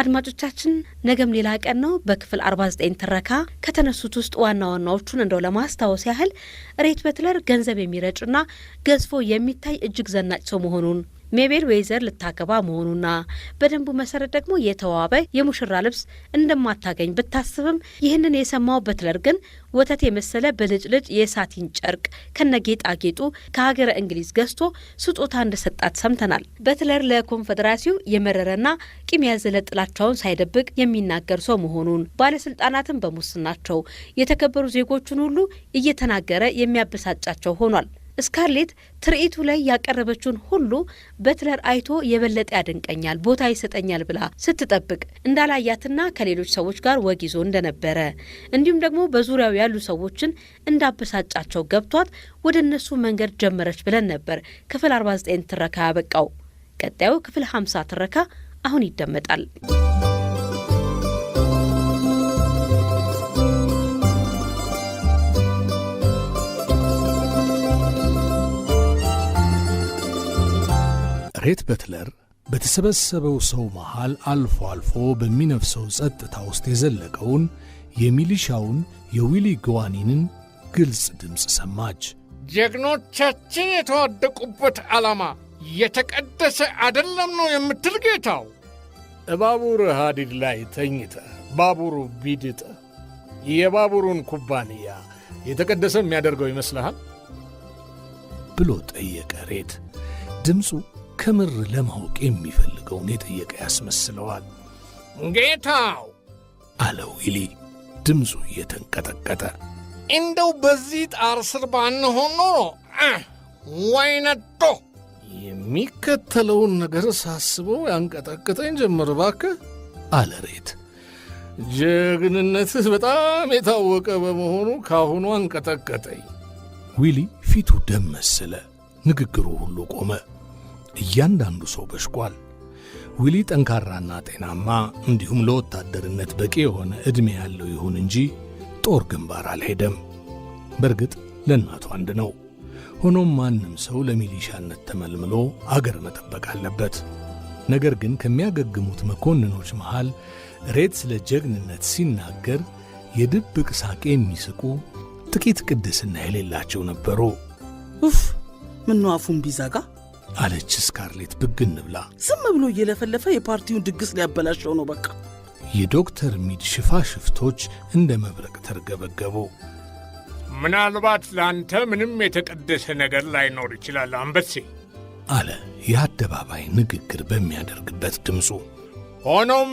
አድማጮቻችን ነገም ሌላ ቀን ነው። በክፍል 49 ትረካ ከተነሱት ውስጥ ዋና ዋናዎቹን እንደው ለማስታወስ ያህል ሬት በትለር ገንዘብ የሚረጭና ገዝፎ የሚታይ እጅግ ዘናጭ ሰው መሆኑን ሜቤል ዌዘር ልታገባ መሆኑና በደንቡ መሰረት ደግሞ የተዋበ የሙሽራ ልብስ እንደማታገኝ ብታስብም ይህንን የሰማው በትለር ግን ወተት የመሰለ ብልጭልጭ የሳቲን ጨርቅ ከነጌጣጌጡ ከሀገረ እንግሊዝ ገዝቶ ስጦታ እንደሰጣት ሰምተናል። በትለር ለኮንፌዴራሲው የመረረና ቂም ያዘለ ጥላቻውን ሳይደብቅ የሚናገር ሰው መሆኑን ባለስልጣናትን በሙስናቸው የተከበሩ ዜጎቹን ሁሉ እየተናገረ የሚያበሳጫቸው ሆኗል። ስካርሌት ትርኢቱ ላይ ያቀረበችውን ሁሉ በትለር አይቶ የበለጠ ያደንቀኛል፣ ቦታ ይሰጠኛል ብላ ስትጠብቅ እንዳላያትና ከሌሎች ሰዎች ጋር ወግ ይዞ እንደነበረ እንዲሁም ደግሞ በዙሪያው ያሉ ሰዎችን እንዳበሳጫቸው ገብቷት ወደ እነሱ መንገድ ጀመረች ብለን ነበር። ክፍል 49 ትረካ ያበቃው። ቀጣዩ ክፍል 50 ትረካ አሁን ይደመጣል። ማርጋሬት በትለር በተሰበሰበው ሰው መሃል አልፎ አልፎ በሚነፍሰው ጸጥታ ውስጥ የዘለቀውን የሚሊሻውን የዊሊ ግዋኒንን ግልጽ ድምፅ ሰማች። ጀግኖቻችን የተዋደቁበት ዓላማ የተቀደሰ አይደለም ነው የምትል ጌታው? ባቡር ሐዲድ ላይ ተኝተ ባቡሩ ቢድጠ የባቡሩን ኩባንያ የተቀደሰ የሚያደርገው ይመስልሃል? ብሎ ጠየቀ ሬት ድምፁ ከምር ለማወቅ የሚፈልገውን የጠየቀ ያስመስለዋል። ጌታው አለው ይሊ ድምፁ እየተንቀጠቀጠ እንደው በዚህ ጣር ስር ባንሆን ኖሮ ወይነቶ የሚከተለውን ነገር ሳስበው ያንቀጠቅጠኝ ጀምር ባክህ አለ ሬት። ጀግንነትህ በጣም የታወቀ በመሆኑ ካሁኑ አንቀጠቀጠኝ። ዊሊ ፊቱ ደም መሰለ፣ ንግግሩ ሁሉ ቆመ። እያንዳንዱ ሰው በሽቋል። ዊሊ ጠንካራና ጤናማ እንዲሁም ለወታደርነት በቂ የሆነ ዕድሜ ያለው ይሁን እንጂ ጦር ግንባር አልሄደም። በእርግጥ ለእናቱ አንድ ነው። ሆኖም ማንም ሰው ለሚሊሻነት ተመልምሎ አገር መጠበቅ አለበት። ነገር ግን ከሚያገግሙት መኮንኖች መሃል ሬት ስለ ጀግንነት ሲናገር የድብቅ ሳቄ የሚስቁ ጥቂት ቅድስና የሌላቸው ነበሩ። ኡፍ ምነው አፉን ቢዘጋ አለች ስካርሌት ብግን ብላ። ዝም ብሎ እየለፈለፈ የፓርቲውን ድግስ ሊያበላሸው ነው በቃ። የዶክተር ሚድ ሽፋሽፍቶች እንደ መብረቅ ተርገበገቡ። ምናልባት ለአንተ ምንም የተቀደሰ ነገር ላይኖር ይችላል አንበሴ፣ አለ የአደባባይ ንግግር በሚያደርግበት ድምፁ። ሆኖም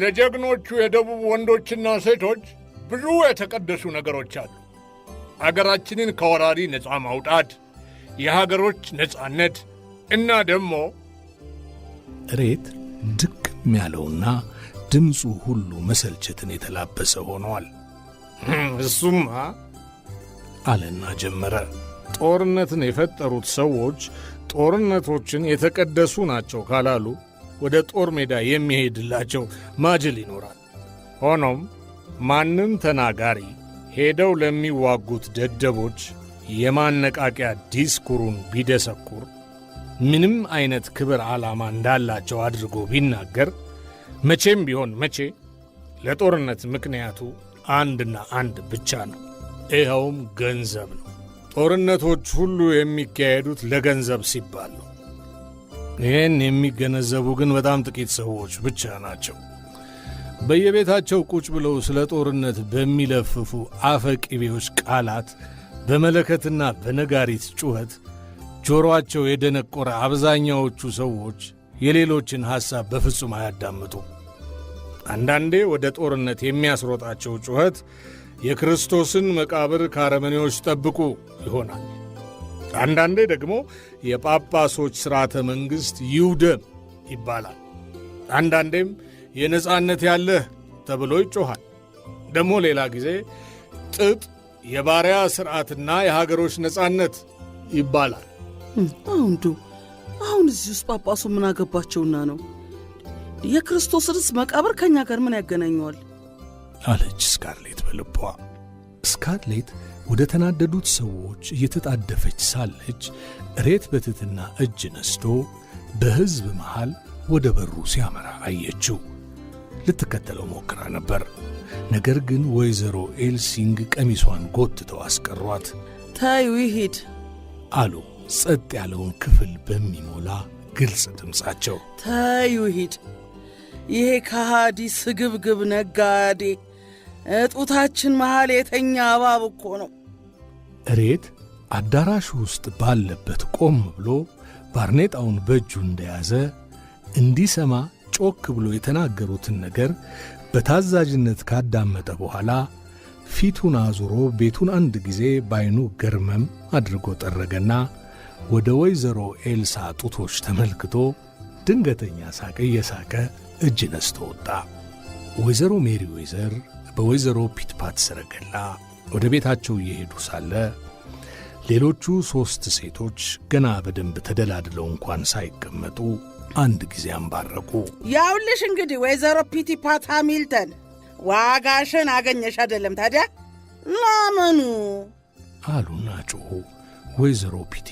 ለጀግኖቹ የደቡብ ወንዶችና ሴቶች ብዙ የተቀደሱ ነገሮች አሉ። አገራችንን ከወራሪ ነፃ ማውጣት፣ የሀገሮች ነፃነት እና ደግሞ ሬት ድቅም ያለውና ድምፁ ሁሉ መሰልቸትን የተላበሰ ሆነዋል። እሱማ አለና ጀመረ። ጦርነትን የፈጠሩት ሰዎች ጦርነቶችን የተቀደሱ ናቸው ካላሉ ወደ ጦር ሜዳ የሚሄድላቸው ማጅል ይኖራል። ሆኖም ማንም ተናጋሪ ሄደው ለሚዋጉት ደደቦች የማነቃቂያ ዲስኩሩን ቢደሰኩር ምንም አይነት ክብር ዓላማ እንዳላቸው አድርጎ ቢናገር መቼም ቢሆን መቼ ለጦርነት ምክንያቱ አንድና አንድ ብቻ ነው። ይኸውም ገንዘብ ነው። ጦርነቶች ሁሉ የሚካሄዱት ለገንዘብ ሲባል ነው። ይህን የሚገነዘቡ ግን በጣም ጥቂት ሰዎች ብቻ ናቸው። በየቤታቸው ቁጭ ብለው ስለ ጦርነት በሚለፍፉ አፈቂቤዎች ቃላት፣ በመለከትና በነጋሪት ጩኸት ጆሮአቸው የደነቆረ አብዛኛዎቹ ሰዎች የሌሎችን ሐሳብ በፍጹም አያዳምጡም። አንዳንዴ ወደ ጦርነት የሚያስሮጣቸው ጩኸት የክርስቶስን መቃብር ከአረመኔዎች ጠብቁ ይሆናል። አንዳንዴ ደግሞ የጳጳሶች ሥርዓተ መንግሥት ይውደም ይባላል። አንዳንዴም የነጻነት ያለህ ተብሎ ይጮኋል ደግሞ ሌላ ጊዜ ጥጥ፣ የባሪያ ሥርዓትና የሀገሮች ነጻነት ይባላል። አሁንዱ አሁን እዚህ ውስጥ ጳጳሱ ምን አገባቸውና ነው? የክርስቶስንስ መቃብር ከእኛ ጋር ምን ያገናኘዋል? አለች ስካርሌት በልቧ። ስካርሌት ወደ ተናደዱት ሰዎች እየተጣደፈች ሳለች ሬት በትትና እጅ ነስቶ በሕዝብ መሃል ወደ በሩ ሲያመራ አየችው። ልትከተለው ሞክራ ነበር። ነገር ግን ወይዘሮ ኤልሲንግ ቀሚሷን ጎትተው አስቀሯት። ታዩ ይሂድ አሉ ጸጥ ያለውን ክፍል በሚሞላ ግልጽ ድምፃቸው ታዩ ሂድ ይሄ ከሃዲ ስግብግብ ነጋዴ እጡታችን መሃል የተኛ እባብ እኮ ነው። እሬት አዳራሹ ውስጥ ባለበት ቆም ብሎ ባርኔጣውን በእጁ እንደያዘ እንዲሰማ ጮክ ብሎ የተናገሩትን ነገር በታዛዥነት ካዳመጠ በኋላ ፊቱን አዙሮ ቤቱን አንድ ጊዜ ባይኑ ገርመም አድርጎ ጠረገና ወደ ወይዘሮ ኤልሳ ጡቶች ተመልክቶ ድንገተኛ ሳቅ እየሳቀ እጅ ነስቶ ወጣ። ወይዘሮ ሜሪ ወይዘር በወይዘሮ ፒትፓት ሰረገላ ወደ ቤታቸው እየሄዱ ሳለ ሌሎቹ ሦስት ሴቶች ገና በደንብ ተደላድለው እንኳን ሳይቀመጡ አንድ ጊዜ አንባረቁ። ያውልሽ እንግዲህ ወይዘሮ ፒቲፓት ሃሚልተን ዋጋሽን አገኘሽ አይደለም ታዲያ? ለምኑ አሉና ጮኹ። ወይዘሮ ፒቲ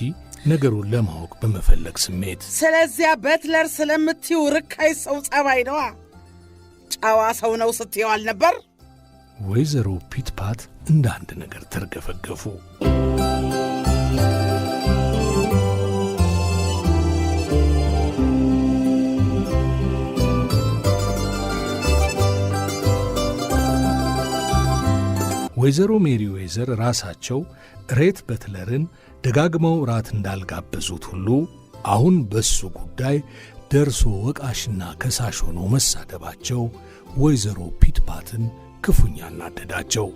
ነገሩን ለማወቅ በመፈለግ ስሜት ስለዚያ በትለር ስለምትይው ርካይ ሰው ጸባይ ነዋ። ጨዋ ሰው ነው ስትየው አልነበር? ወይዘሮ ፒትፓት እንደ አንድ ነገር ተርገፈገፉ። ወይዘሮ ሜሪ ዌዘር ራሳቸው ሬት በትለርን ደጋግመው ራት እንዳልጋበዙት ሁሉ አሁን በሱ ጉዳይ ደርሶ ወቃሽና ከሳሽ ሆኖ መሳደባቸው ወይዘሮ ፒትፓትን ክፉኛ እናደዳቸው።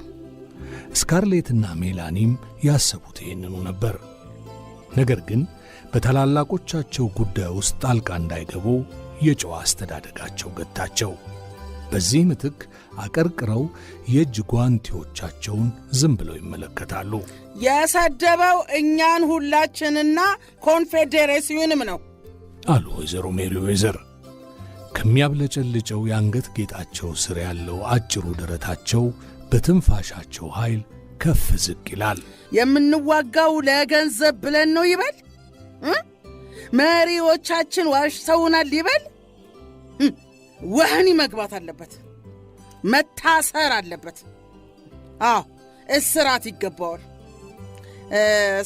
ስካርሌትና ሜላኒም ያሰቡት ይህንኑ ነበር። ነገር ግን በታላላቆቻቸው ጉዳይ ውስጥ ጣልቃ እንዳይገቡ የጨዋ አስተዳደጋቸው ገታቸው። በዚህ ምትክ አቀርቅረው የእጅ ጓንቴዎቻቸውን ዝም ብለው ይመለከታሉ። የሰደበው እኛን ሁላችንና ኮንፌዴሬሲውንም ነው አሉ ወይዘሮ ሜሪ ወይዘር ከሚያብለጨልጨው የአንገት ጌጣቸው ስር ያለው አጭሩ ደረታቸው በትንፋሻቸው ኃይል ከፍ ዝቅ ይላል። የምንዋጋው ለገንዘብ ብለን ነው ይበል፣ መሪዎቻችን ዋሽተውናል ይበል ወህኒ መግባት አለበት፣ መታሰር አለበት። አዎ እስራት ይገባዋል።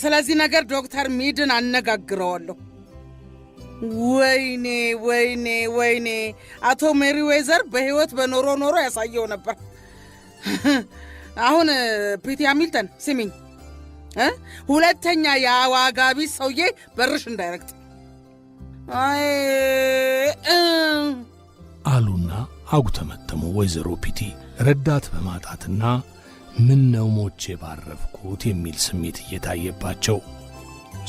ስለዚህ ነገር ዶክተር ሚድን አነጋግረዋለሁ። ወይኔ ወይኔ ወይኔ! አቶ ሜሪ ዌዘር በህይወት በኖሮ ኖሮ ያሳየው ነበር። አሁን ፒቲ ሃሚልተን ስሚኝ፣ ሁለተኛ የዋጋ ቢስ ሰውዬ በርሽ እንዳይረግጥ አሉና አጉተመተሙ። ወይዘሮ ፒቲ ረዳት በማጣትና ምን ነው ሞቼ ባረፍኩት የሚል ስሜት እየታየባቸው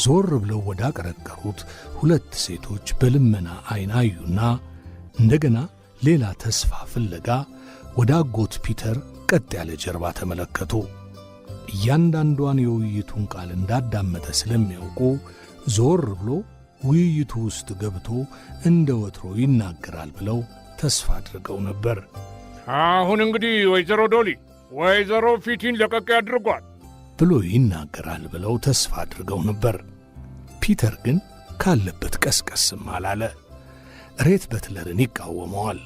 ዞር ብለው ወዳቀረቀሩት ሁለት ሴቶች በልመና ዐይን አዩና እንደገና ሌላ ተስፋ ፍለጋ ወደ አጎት ፒተር ቀጥ ያለ ጀርባ ተመለከቱ። እያንዳንዷን የውይይቱን ቃል እንዳዳመጠ ስለሚያውቁ ዞር ብሎ ውይይቱ ውስጥ ገብቶ እንደ ወትሮ ይናገራል ብለው ተስፋ አድርገው ነበር። አሁን እንግዲህ ወይዘሮ ዶሊ ወይዘሮ ፊቲን ለቀቅ ያድርጓል ብሎ ይናገራል ብለው ተስፋ አድርገው ነበር። ፒተር ግን ካለበት ቀስቀስም አላለ። ሬት በትለርን ይቃወመዋል።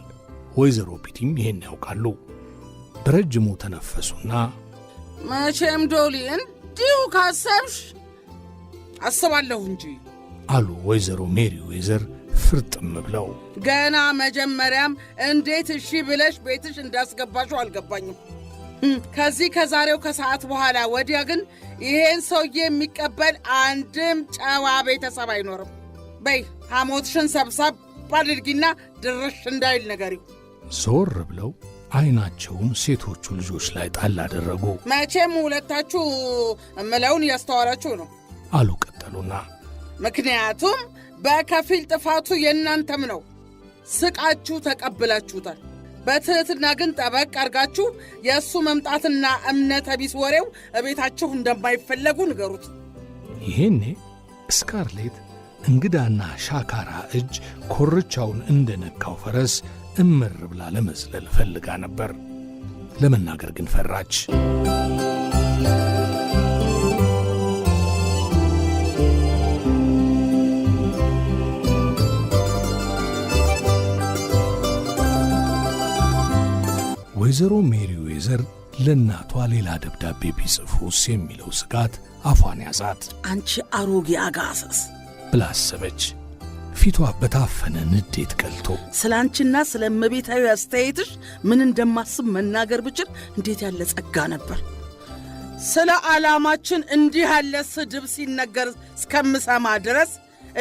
ወይዘሮ ፒቲም ይሄን ያውቃሉ። በረጅሙ ተነፈሱና መቼም ዶሊ እንዲሁ ካሰብሽ አስባለሁ እንጂ አሉ ወይዘሮ ሜሪ ዌዘር ፍርጥም ብለው ገና መጀመሪያም እንዴት እሺ ብለሽ ቤትሽ እንዳስገባሽው አልገባኝም። ከዚህ ከዛሬው ከሰዓት በኋላ ወዲያ ግን ይሄን ሰውዬ የሚቀበል አንድም ጨዋ ቤተሰብ አይኖርም። በይ ሐሞትሽን ሰብሰብ አድርጊና ድርሽ እንዳይል ነገሪው። ዞር ብለው አይናቸውን ሴቶቹ ልጆች ላይ ጣል አደረጉ። መቼም ሁለታችሁ እምለውን እያስተዋላችሁ ነው አሉ ቀጠሉና ምክንያቱም በከፊል ጥፋቱ የእናንተም ነው። ስቃችሁ ተቀብላችሁታል። በትሕትና ግን ጠበቅ አርጋችሁ የእሱ መምጣትና እምነት ቢስ ወሬው እቤታችሁ እንደማይፈለጉ ንገሩት። ይህኔ እስካርሌት እንግዳና ሻካራ እጅ ኮርቻውን እንደነካው ፈረስ እምር ብላ ለመዝለል ፈልጋ ነበር። ለመናገር ግን ፈራች። ወይዘሮ ሜሪ ዌዘር ለእናቷ ሌላ ደብዳቤ ቢጽፉስ የሚለው ስጋት አፏን ያዛት። አንቺ አሮጌ አጋሰስ ብላ አሰበች፣ ፊቷ በታፈነ ንዴት ቀልቶ። ስለ አንቺና ስለ እመቤታዊ አስተያየትሽ ምን እንደማስብ መናገር ብችል እንዴት ያለ ጸጋ ነበር። ስለ ዓላማችን እንዲህ ያለ ስድብ ሲነገር እስከምሰማ ድረስ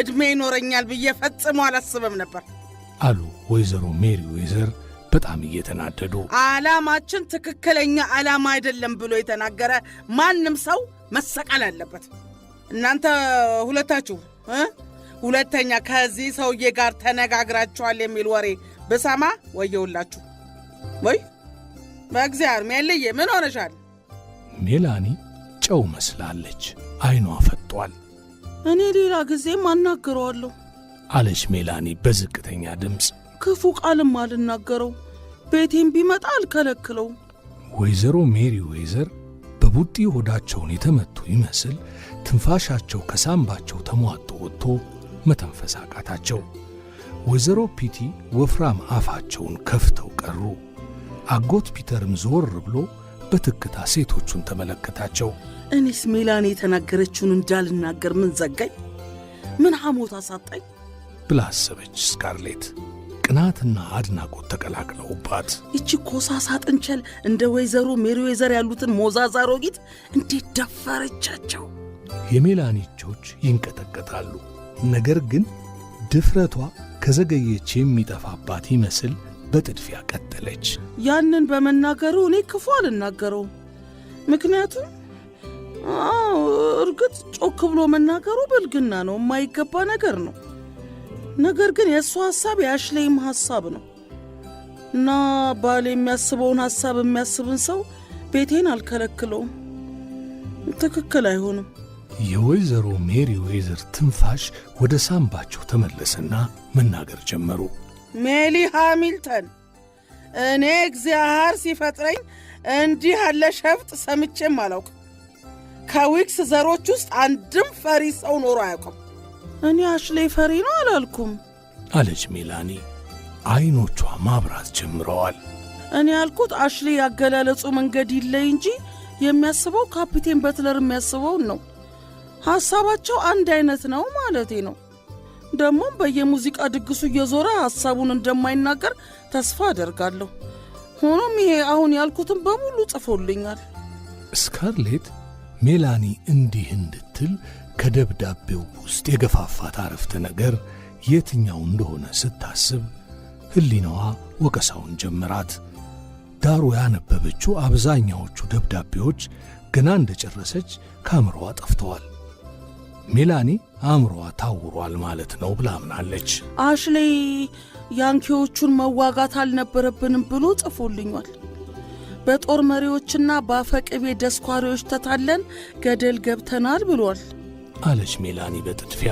ዕድሜ ይኖረኛል ብዬ ፈጽሞ አላስብም ነበር አሉ ወይዘሮ ሜሪ ዌዘር በጣም እየተናደዱ ዓላማችን ትክክለኛ ዓላማ አይደለም ብሎ የተናገረ ማንም ሰው መሰቀል አለበት። እናንተ ሁለታችሁ ሁለተኛ ከዚህ ሰውዬ ጋር ተነጋግራችኋል የሚል ወሬ ብሰማ ወየውላችሁ። ወይ በእግዚአብሔር ሜልዬ ምን ሆነሻል? ሜላኒ ጨው መስላለች። አይኗ ፈጧል እኔ ሌላ ጊዜም አናግረዋለሁ አለች ሜላኒ በዝቅተኛ ድምፅ። ክፉ ቃልም አልናገረው፣ ቤቴም ቢመጣ አልከለክለው። ወይዘሮ ሜሪ ዌዘር በቡጢ ሆዳቸውን የተመቱ ይመስል ትንፋሻቸው ከሳምባቸው ተሟጦ ወጥቶ መተንፈስ አቃታቸው። ወይዘሮ ፒቲ ወፍራም አፋቸውን ከፍተው ቀሩ። አጎት ፒተርም ዞር ብሎ በትክታ ሴቶቹን ተመለከታቸው። እኔስ ሜላኔ የተናገረችውን እንዳልናገር ምን ዘጋኝ? ምን ሐሞት አሳጣኝ? ብላ አሰበች ስካርሌት። ቅናትና አድናቆት ተቀላቅለውባት ይቺ ኮሳሳ ጥንቸል እንደ ወይዘሮ ሜሪ ወይዘር ያሉትን ሞዛዛ አሮጊት እንዴት ደፈረቻቸው! የሜላኒ እጆች ይንቀጠቀጣሉ። ነገር ግን ድፍረቷ ከዘገየች የሚጠፋባት ይመስል በጥድፊያ ቀጠለች። ያንን በመናገሩ እኔ ክፉ አልናገረው ምክንያቱም አዎ እርግጥ ጮክ ብሎ መናገሩ ብልግና ነው፣ የማይገባ ነገር ነው። ነገር ግን የእሱ ሐሳብ የአሽሌይም ሐሳብ ነው እና ባል የሚያስበውን ሐሳብ የሚያስብን ሰው ቤቴን አልከለክለውም። ትክክል አይሆንም። የወይዘሮ ሜሪ ዌዘር ትንፋሽ ወደ ሳምባቸው ተመለሰና መናገር ጀመሩ። ሜሊ ሃሚልተን፣ እኔ እግዚአብሔር ሲፈጥረኝ እንዲህ ያለ ሸፍጥ ሰምቼም አላውቅም። ከዊክስ ዘሮች ውስጥ አንድም ፈሪ ሰው ኖሮ አያውቅም። እኔ አሽሌ ፈሪ ነው አላልኩም አለች ሜላኒ። አይኖቿ ማብራት ጀምረዋል። እኔ ያልኩት አሽሌ ያገላለጹ መንገድ ይለይ እንጂ የሚያስበው ካፒቴን በትለር የሚያስበውን ነው። ሐሳባቸው አንድ አይነት ነው ማለቴ ነው። ደግሞም በየሙዚቃ ድግሱ እየዞረ ሐሳቡን እንደማይናገር ተስፋ አደርጋለሁ። ሆኖም ይሄ አሁን ያልኩትን በሙሉ ጽፎልኛል። ስካርሌት ሜላኒ እንዲህ እንድትል ከደብዳቤው ውስጥ የገፋፋት አረፍተ ነገር የትኛው እንደሆነ ስታስብ ሕሊናዋ ወቀሳውን ጀመራት። ዳሩ ያነበበችው አብዛኛዎቹ ደብዳቤዎች ገና እንደ ጨረሰች ከአእምሮዋ ጠፍተዋል። ሜላኒ አእምሮዋ ታውሯል ማለት ነው ብላ አምናለች። አሽሌ ያንኪዎቹን መዋጋት አልነበረብንም ብሎ ጽፎልኛል። በጦር መሪዎችና በአፈቅቤ ደስኳሪዎች ተታለን ገደል ገብተናል ብሏል። አለች ሜላኒ በጥድፊያ።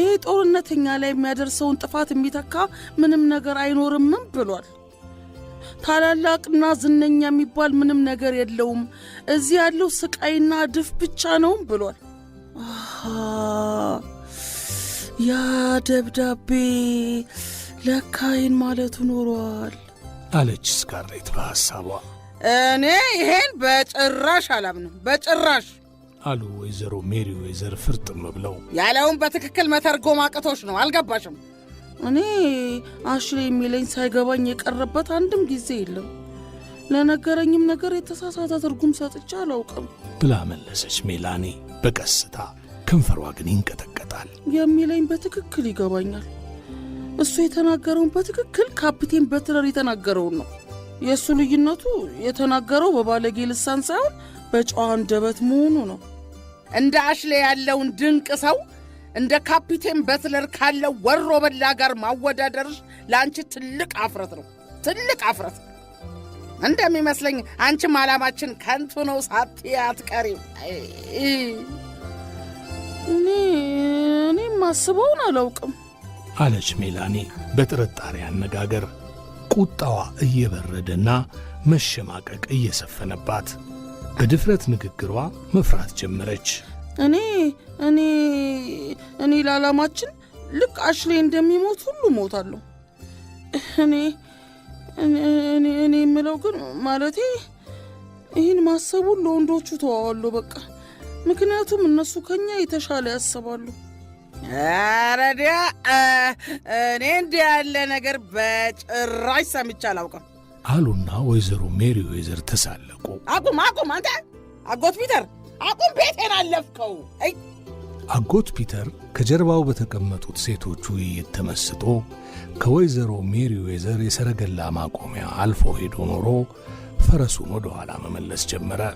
ይህ ጦርነተኛ ላይ የሚያደርሰውን ጥፋት የሚተካ ምንም ነገር አይኖርምም ብሏል። ታላላቅና ዝነኛ የሚባል ምንም ነገር የለውም፣ እዚህ ያለው ስቃይና ድፍ ብቻ ነውም ብሏል። ያ ደብዳቤ ለካይን ማለቱ ኖሯል አለች ስካርሌት በሐሳቧ። እኔ ይሄን በጭራሽ አላምንም፣ በጭራሽ አሉ ወይዘሮ ሜሪ ወይዘር ፍርጥም ብለው። ያለውን በትክክል መተርጎም አቅቶች ነው። አልገባሽም? እኔ አሽሌ የሚለኝ ሳይገባኝ የቀረበት አንድም ጊዜ የለም። ለነገረኝም ነገር የተሳሳተ ትርጉም ሰጥቼ አላውቅም ብላ መለሰች ሜላኒ በቀስታ ከንፈሯ ግን ይንቀጠቀጣል። የሚለኝ በትክክል ይገባኛል። እሱ የተናገረውን በትክክል ካፕቴን በትለር የተናገረውን ነው። የእሱ ልዩነቱ የተናገረው በባለጌ ልሳን ሳይሆን በጨዋ አንደበት መሆኑ ነው። እንደ አሽሌ ያለውን ድንቅ ሰው እንደ ካፒቴን በትለር ካለው ወሮ በላ ጋር ማወዳደርሽ ለአንቺ ትልቅ አፍረት ነው፣ ትልቅ አፍረት። እንደሚመስለኝ አንቺም ዓላማችን ከንቱ ነው ሳትይ አትቀሪም። እኔም አስበውን ማስበውን አላውቅም አለች ሜላኒ በጥርጣሬ አነጋገር ቁጣዋ እየበረደና መሸማቀቅ እየሰፈነባት በድፍረት ንግግሯ መፍራት ጀመረች። እኔ እኔ እኔ ለዓላማችን ልክ አሽሌ እንደሚሞት ሁሉ ሞታለሁ። እኔ እኔ የምለው ግን ማለቴ ይህን ማሰቡን ለወንዶቹ ተዋዋሉ በቃ። ምክንያቱም እነሱ ከኛ የተሻለ ያስባሉ። አረዲያ እኔ እንዲህ ያለ ነገር በጭራሽ ሰምቼ አላውቅም። አሉና ወይዘሮ ሜሪ ዌዘር ተሳለቁ። አቁም አቁም! አንተ አጎት ፒተር አቁም! ቤቴን አለፍከው! አጎት ፒተር ከጀርባው በተቀመጡት ሴቶች ውይይት ተመስጦ ከወይዘሮ ሜሪ ዌዘር የሰረገላ ማቆሚያ አልፎ ሄዶ ኖሮ ፈረሱን ወደ ኋላ መመለስ ጀመረ።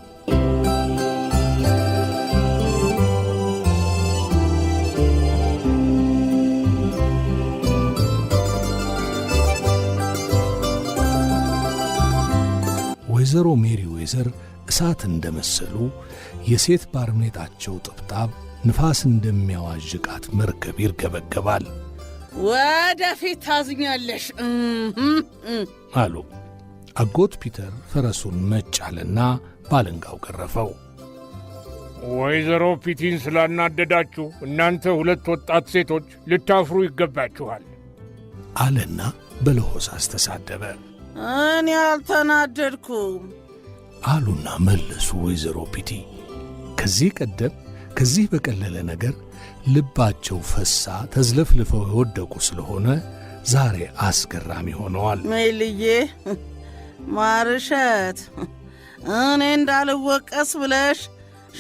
ወይዘሮ ሜሪ ዌዘር እሳት እንደመሰሉ የሴት ባርኔጣቸው ጥብጣብ ንፋስ እንደሚያዋዥቃት መርከብ ይርገበገባል። ወደፊት ታዝኛለሽ አሉ። አጎት ፒተር ፈረሱን ነጭ አለና ባለንጋው ገረፈው። ወይዘሮ ፒቲን ስላናደዳችሁ እናንተ ሁለት ወጣት ሴቶች ልታፍሩ ይገባችኋል አለና በለሆሳስ ተሳደበ። እኔ አልተናደድኩም አሉና መለሱ ወይዘሮ ፒቲ። ከዚህ ቀደም ከዚህ በቀለለ ነገር ልባቸው ፈሳ ተዝለፍልፈው የወደቁ ስለሆነ ዛሬ አስገራሚ ሆነዋል። ሜልዬ ማርሸት፣ እኔ እንዳልወቀስ ብለሽ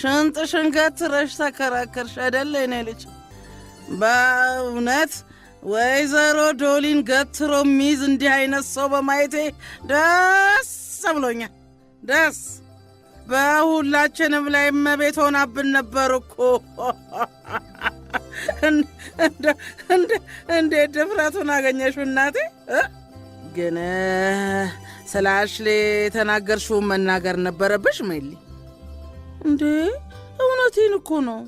ሽንጥ ሽንገት ትረሽ ተከራከርሽ አደለ? እኔ ልጅ በእውነት ወይዘሮ ዶሊን ገትሮ ሚዝ እንዲህ አይነት ሰው በማየቴ ደስ ብሎኛል። ደስ በሁላችንም ላይ እመቤት ሆናብን ነበር እኮ። እንዴት ድፍረቱን አገኘሽ እናቴ? ግን ስለ አሽሌ የተናገርሽውን መናገር ነበረብሽ ሜሊ። እንዴ እውነቴን እኮ ነው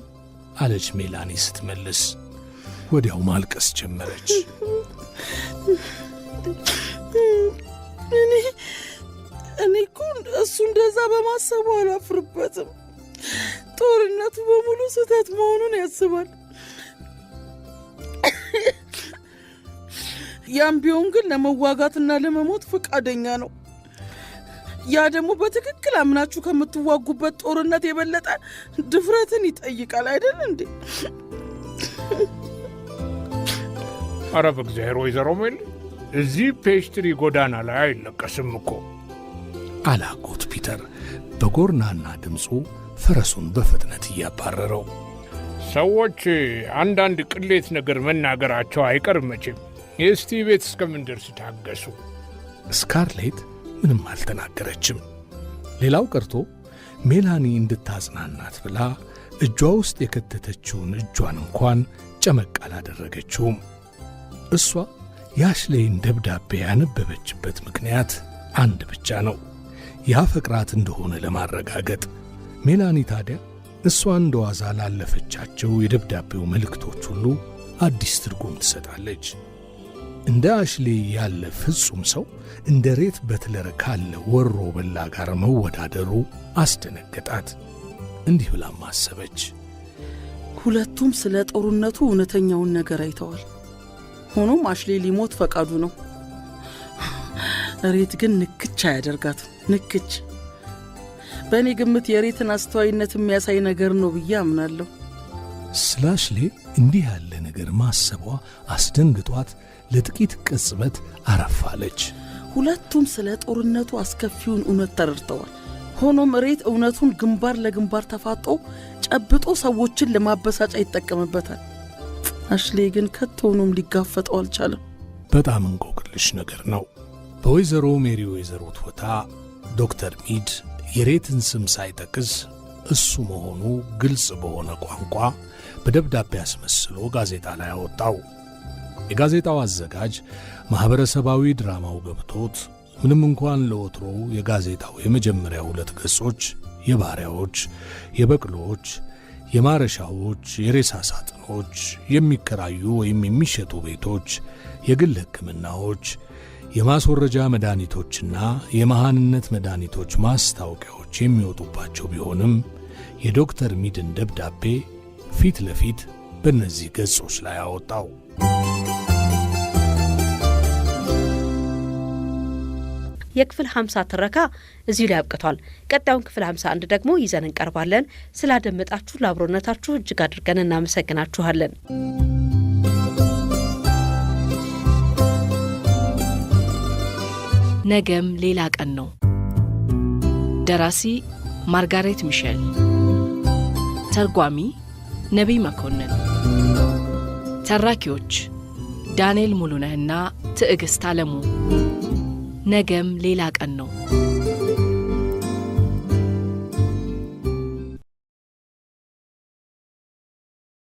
አለች ሜላኒ ስትመልስ ወዲያው ማልቀስ ጀመረች። እኔ እኔ እኮ እሱ እንደዛ በማሰቡ አላፍርበትም። ጦርነቱ በሙሉ ስህተት መሆኑን ያስባል። ያም ቢሆን ግን ለመዋጋትና ለመሞት ፈቃደኛ ነው። ያ ደግሞ በትክክል አምናችሁ ከምትዋጉበት ጦርነት የበለጠ ድፍረትን ይጠይቃል። አይደል እንዴ? አረ በእግዚአብሔር ወይዘሮ ሜል እዚህ ፔስትሪ ጎዳና ላይ አይለቀስም እኮ አላጎት ፒተር በጎርናና ድምፁ ፈረሱን በፍጥነት እያባረረው። ሰዎች አንዳንድ ቅሌት ነገር መናገራቸው አይቀርም መቼም። የእስቲ ቤት እስከምንደርስ ታገሱ። ስካርሌት ምንም አልተናገረችም። ሌላው ቀርቶ ሜላኒ እንድታጽናናት ብላ እጇ ውስጥ የከተተችውን እጇን እንኳን ጨመቅ አላደረገችውም። እሷ የአሽሌይን ደብዳቤ ያነበበችበት ምክንያት አንድ ብቻ ነው፣ ያፈቅራት እንደሆነ ለማረጋገጥ። ሜላኒ ታዲያ እሷ እንደ ዋዛ ላለፈቻቸው የደብዳቤው መልእክቶች ሁሉ አዲስ ትርጉም ትሰጣለች። እንደ አሽሌ ያለ ፍጹም ሰው እንደ ሬት በትለር ካለ ወሮ በላ ጋር መወዳደሩ አስደነገጣት። እንዲህ ብላም አሰበች። ሁለቱም ስለ ጦርነቱ እውነተኛውን ነገር አይተዋል። ሆኖም አሽሌ ሊሞት ፈቃዱ ነው። ሬት ግን ንክች አያደርጋትም። ንክች በእኔ ግምት የሬትን አስተዋይነት የሚያሳይ ነገር ነው ብዬ አምናለሁ። ስለ አሽሌ እንዲህ ያለ ነገር ማሰቧ አስደንግጧት ለጥቂት ቅጽበት አረፋለች። ሁለቱም ስለ ጦርነቱ አስከፊውን እውነት ተረድተዋል። ሆኖም ሬት እውነቱን ግንባር ለግንባር ተፋጦ ጨብጦ ሰዎችን ለማበሳጫ ይጠቀምበታል። አሽሌ ግን ከቶውኑም ሊጋፈጠው አልቻለም። በጣም እንቆቅልሽ ነገር ነው። በወይዘሮ ሜሪ ወይዘሮ ትወታ ዶክተር ሚድ የሬትን ስም ሳይጠቅስ እሱ መሆኑ ግልጽ በሆነ ቋንቋ በደብዳቤ አስመስሎ ጋዜጣ ላይ አወጣው። የጋዜጣው አዘጋጅ ማኅበረሰባዊ ድራማው ገብቶት ምንም እንኳን ለወትሮው የጋዜጣው የመጀመሪያ ሁለት ገጾች የባሪያዎች፣ የበቅሎዎች የማረሻዎች፣ የሬሳ ሳጥኖች፣ የሚከራዩ ወይም የሚሸጡ ቤቶች፣ የግል ሕክምናዎች፣ የማስወረጃ መድኃኒቶችና የመሃንነት መድኃኒቶች ማስታወቂያዎች የሚወጡባቸው ቢሆንም የዶክተር ሚድን ደብዳቤ ፊት ለፊት በእነዚህ ገጾች ላይ አወጣው። የክፍል 50 ትረካ እዚሁ ላይ አብቅቷል። ቀጣዩን ክፍል 51 ደግሞ ይዘን እንቀርባለን። ስላደመጣችሁ ለአብሮነታችሁ እጅግ አድርገን እናመሰግናችኋለን። ነገም ሌላ ቀን ነው። ደራሲ ማርጋሬት ሚሼል፣ ተርጓሚ ነቢይ መኮንን፣ ተራኪዎች ዳንኤል ሙሉነህና ትዕግሥት አለሙ ነገም ሌላ ቀን ነው።